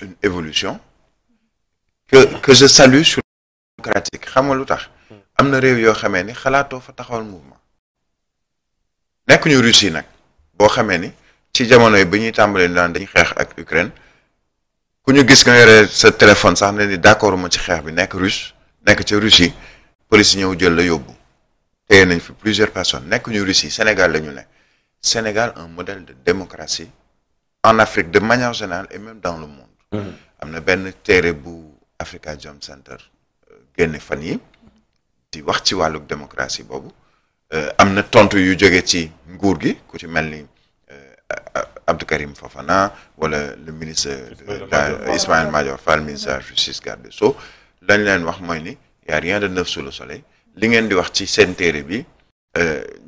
une évolution que xam nga lu tax am na réew yoo xamee ni xalaatoo fa taxawal mouvement nekkuñu ñu Russie nag boo xamee ni ci jamono yi ba ñuy tàmbalee naan dañ xeex ak Ukraine ku ñu gis nga yore sa téléphone sax ne ni d'accord ma ci xeex bi nekk russe nekk ca Russie police ñëw jël la yóbbu téye nañ fi plusieurs personnes nekk ñu Russie Sénégal la ñu ne Sénégal un modèle de démocratie en Afrique de manière générale et même dans le monde am na benn téere bu Africa Jom Center euh, génne fan yi di wax ci wàllu démocratie boobu euh, am na tontu yu jóge ci nguur gi ku ci mel ni euh, Abdou Karim Fofana wala le ministre Ismaël Madior Fall ministre de la justice garde so Sceaux lañ leen wax mooy ni y a rien de neuf soleil li ngeen di wax ci seen téere bi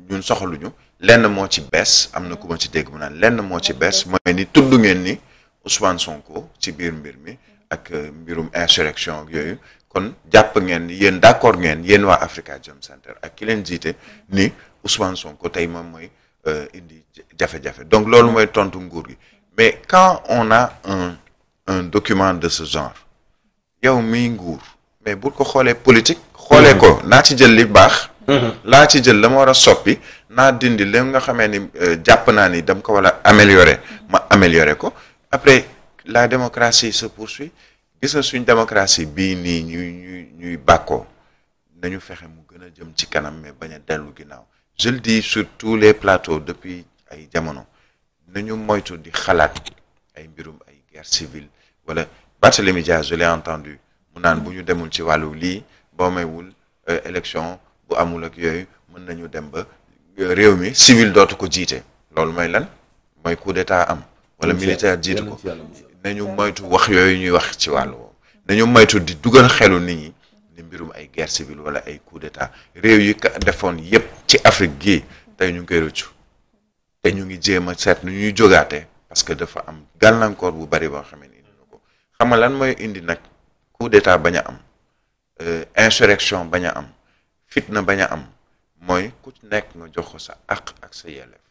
ñun soxaluñu lenn moo ci bees am na ku ma ci dégg mu naan lenn moo ci bees mooy ni tudd ngeen ni Ousmane Sonko ci biir mbir mi ak euh, mbirum insurrection yooyu kon jàpp ngeen yéen d'accord ngeen yéen waa Africa Jom Center ak ki jiite ni Ousmane Sonko tey moom mooy euh, indi jafe-jafe donc loolu mooy tontu nguur gi mais quand on a un un document de ce genre yow miy nguur mais bu ko xoolee politique. xoolee ko mm-hmm. naa ci jël li baax. Mm-hmm. laa ci jël la ma war a soppi naa dindi li nga xamee ni euh, jàpp naa ni dem ko wala a améliorer ma améliorer ko. après la démocratie se poursuit gis nga suñ démocratie bii nii ñuy ñuy ñuy bàkkoo nañu fexe mu gën a jëm ci kanam mais bañ a dellu ginnaaw je dis sur tous les plateaux depuis ay jamono nañu moytu di xalaat ay mbirum ay guerre civile wala Barthélémy Dias je l'ai entendu mu naan bu ñu demul ci wàllu lii boo maywul euh, élection bu amul ak yooyu mën nañu dem ba euh, réew mi civil dootu ko jiite loolu mooy lan mooy coup d'état am wala militaire jiitu ko nañu moytu wax yooyu ñuy wax ci wàllu woowu nañu moytu di dugal xelu nit ñi ni mbirum ay guerre civile wala ay coup d'état réew yi ka defoon yépp ci Afrique gi tey ñu ngi koy rëccu te ñu ngi jéem a seet nu ñuy jogaate parce que dafa am gàllankoor bu bari boo xam ne indi na ko xam nga lan mooy indi nag coup d'état bañ a am euh, insurrection bañ a am fitna bañ a am mooy ku nekk nga jox ko sa ak sa yelleef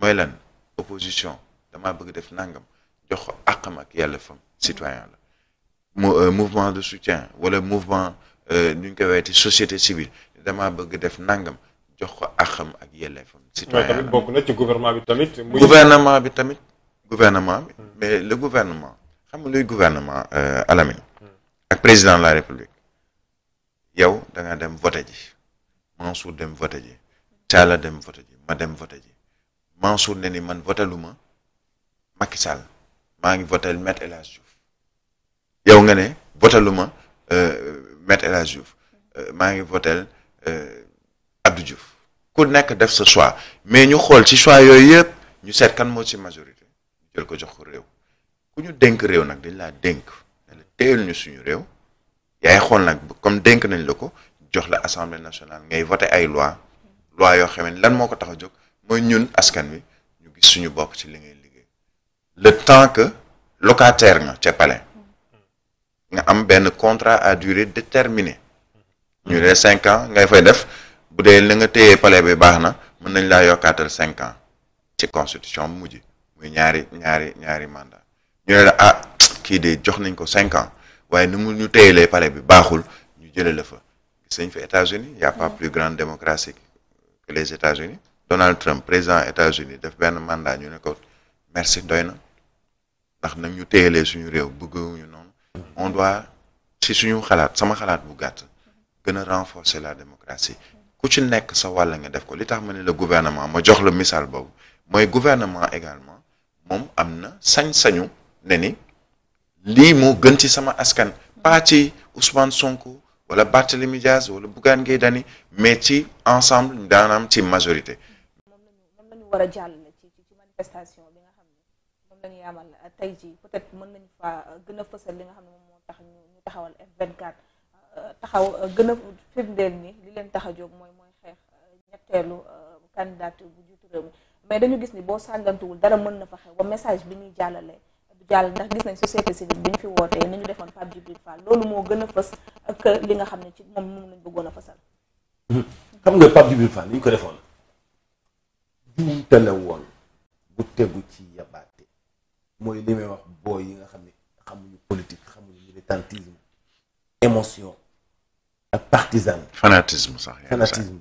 mooy lan opposition damaa bëgg def nangam jox ko àqam ak yàlla fam citoyen la mu euh, mouvement de soutien wala mouvement euh, nu ñu koy weeti société civile damaa bëgg def nangam jox ko àqam ak yelleefam citoyen tamit na ci gouvernement bi tamit. gouvernement bi tamit gouvernement bi. mais le gouvernement xam nga luy gouvernement euh, Alamine. Hmm. ak président de la république. yow da nga dem voté ji Mansour dem voté ji Talla dem voté ji ma dem voté ji Mansour ne ni man voté lu ma Macky Sall maa ngi votel Maître El Hadji Diouf yow nga ne voteluma euh, Maître El Hadji Diouf euh, maa ngi votel euh, Abdou Diouf ku nekk def sa choix mais ñu xool ci choix yooyu yëpp ñu seet kan moo ci majorité jël ko jox ko réew ku ñu dénk réew nag dañ laa dénk ne ñu suñu réew yaay xool nag comme dénk nañ la ko jox la assemblée nationale ngay voté ay loi loi yoo xam ne moo ko tax jóg mooy ñun askan wi ñu gis suñu bopp ci li ngay le temps que locataire nga ca palais nga am benn contrat à durée déterminée ñu ne cinq ans ngay fay def bu dee la nga téyee palais bi baax na mën nañ laa yokkaatal cinq ans ci constitution bu mujj muy ñaari ñaari ñaari mandat ñu ne la ah kii de jox nañ ko cinq ans waaye nu mu ñu téyelee palais bi baaxul ñu jële la fa gis nañ fa États-Unis y a pas plus grande démocratie que les États-Unis Donald Trump président États-Unis def benn mandat ñu ne ko merci doy na ndax nag ñu téyelee suñu réew bëggewuñu noonu on doit si suñu xalaat sama xalaat bu gàtt gën a renforcer la démocratie ku ci nekk sa wàll nga def ko li tax ma ne la gouvernement ma jox la misaal boobu mooy gouvernement également moom am na sañ-sañu ne ni lii moo gën ci sama askan pas ci Ousmane Sonko wala Barthélemy Diaz wala Bougane Gueye Dany mais ci ensemble daanaam ci majorité. moom la ñu jàll ci ci manifestation la ñuy amal euh, tey jii peut-être mën nañu fa euh, gën a fësal li nga xam ne moom moo tax ñu taxawal F24 euh, taxaw gën a firndeel ni li leen tax a jóg mooy mooy xeex ñetteelu candidature bu jiitu réew mi mais dañu gis ni boo sàngantuwul dara mën na fa xew ba message bi ñuy jàllale du jàll ndax gis nañ société civile bi ñu fi wootee ni ñu defoon Pape Djibril Fall loolu moo gën a fës ak li nga xam ne ci moom moom lañ bëggoon a fësal mhm. xam nga Pape Djibril Fall li ñu ko defoon juum te la bu tegu ci yabaat mooy li may wax booy yi nga xam ne xamuñu politique xamuñu militantisme émotion ak partisan fanatisme sax fanatisme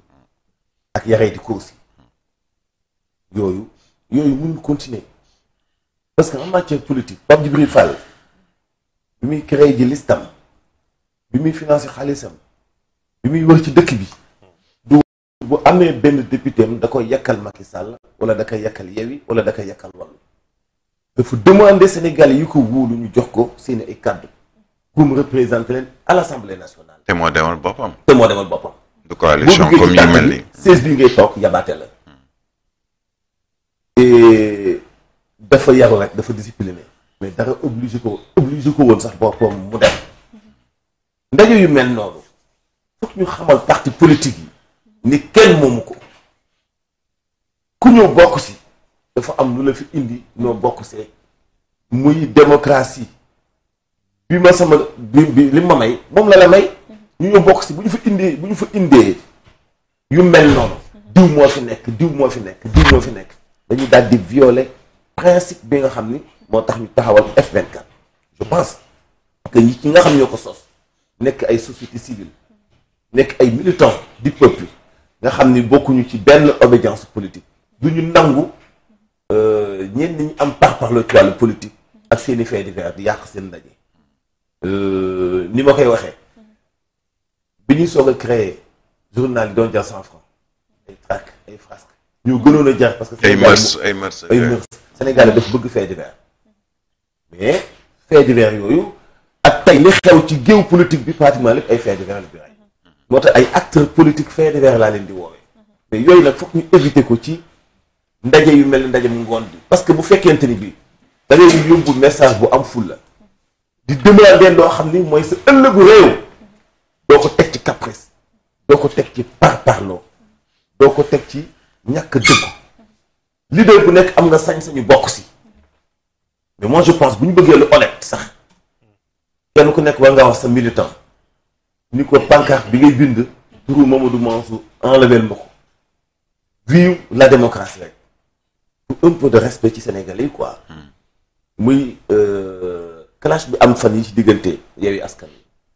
ak yaree di koosi yooyu yooyu mënuñ continuer parce que en matière politique Pape Djibril Fall bi muy créé ji listam bi muy financé xaalisam bi muy wër ci dëkk bi du bu amee benn député am da koy yàkkal Macky Sall wala da koy yàkkal Yewwi wala da koy yàkkal Wallu dafa demander Sénégalais yu ko wóolu ñu jox ko seen ay kàddu pour mu représenter leen à l' assemblée nationale. te moo demal boppam. te moo demal boppam. du coalition comme yu ngay toog yabaate la. et dafa yaru rek dafa discipliné. mais dara obligé ko obligé ko woon sax boppam mu dem. ndaje yu mel noonu. foog ñu xamal parti politique yi. ni kenn moomu ko. ku ñëw bokk si. dafa am lu la fi indi noo bokk see muy démocratie bi ma sama bi bi li ma may moom la la may ñu ñoo bokk si bu ñu fa indee bu ñu fa indee yu mel noonu diw moo fi nekk diw moo fi nekk diw moo fi nekk dañuy daal di violer principe bi nga xam ni moo tax ñu taxawal F24 je pense que ñi nga xam ñoo ko sos nekk ay société civile nekk ay militants di peuple nga xam ni bokkuñu ci benn obédience politique duñu nangu Euh, ñenn ñi am par par la ci wàllu politique ak seen i fait divers di yàq seen ndaje euh, ni ma koy waxee bi ñuy soog a créé journal yi doon jar cent franc ay trac ay frasque ñu gënoon a jar parce que ay mœurs ay mœurs ay mœurs Sénégal daf bëgg fait divers mais fait divers yooyu ak tey li xew ci géew politique bi pratiquement lépp ay fait divers la bi ray moo tax ay acteurs politiques fait divers laa leen di woowee yooyu nag foog ñu éviter ko ci ndaje yu mel ni ndaje mu ngoon bi parce que bu fekkente ni bi da ngay yóbbu message bu am ful la di demander loo xam ni mooy sa ëllëgu réew doo ko teg ci caprice doo ko teg ci parparloo doo ko teg ci ñàkk dëggu leader bu nekk am nga sañ-sañu bokk si mais moi je pense bu ñu bëggee lu honnête sax kenn ku nekk war ngaa wax sa militant ni ko pancarte bi ngay bind turu Mamadou Mansour enlever ma ko vive la démocratie rek un peu de respect ci Sénégalais yi quoi. muy euh, clash bi am fan yi ci diggante Yewwi Askan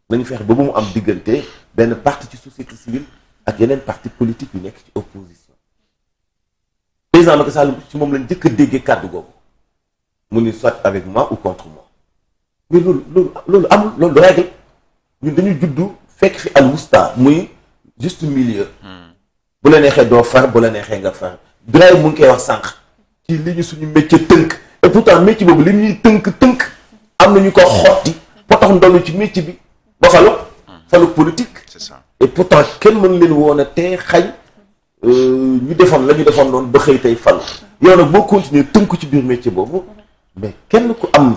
Wi nañu feex ba mu am diggante benn parti ci société civile ak yeneen parti politique yu nekk ci opposition. président Macky Sall ci moom lañ njëkk a déggee kàddu googu mu ni soit avec moi ou contre moi mais loolu loolu loolu loolu règle ñun dañu juddu fekk fi al wusta muy juste milieu. Hmm. bu la neexee doo far bu la neexee nga far Birahim mu ngi koy wax sànq. ci li ñu suñu métier tënk et pourtant métier boobu li ñuy tënk tënk am na ñu ko xotti ba tax ndollu ci métier bi ba falu falu politique c'est ça et pourtant kenn mën leen woon a tee xañ euh, ñu defoon la ñu defoon noonu ba xëy tey falu yow nag boo continuer tënk ci biir métier boobu mais kenn ku am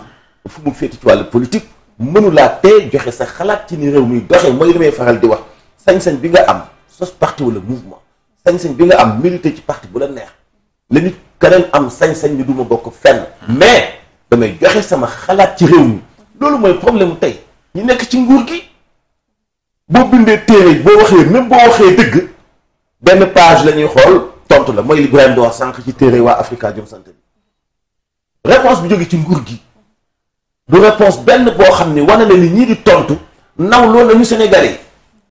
fu mu féeti ci wàll politique mënulaa tee joxe sa xalaat ci ni réew mi doxee mooy li may faral di wax sañsañ bi nga am sos parti wala mouvement sañ-sañ bi nga am milité ci parti bu la neex keneen am sañ-sañ bi du ma bokk fen mais damay joxe sama xalaat ci réew mi loolu mooy problème tey ñu nekk ci nguur gi boo bindee téere boo waxee même boo waxee dëgg benn page la ñuy xool tontu la mooy li Ibrahima di wax sànq ci téere waa Africa Jom Santé bi réponse bi jóge ci nguur gi du réponse benn boo xam ne wane na ni ñii di tontu naw loolu la ñu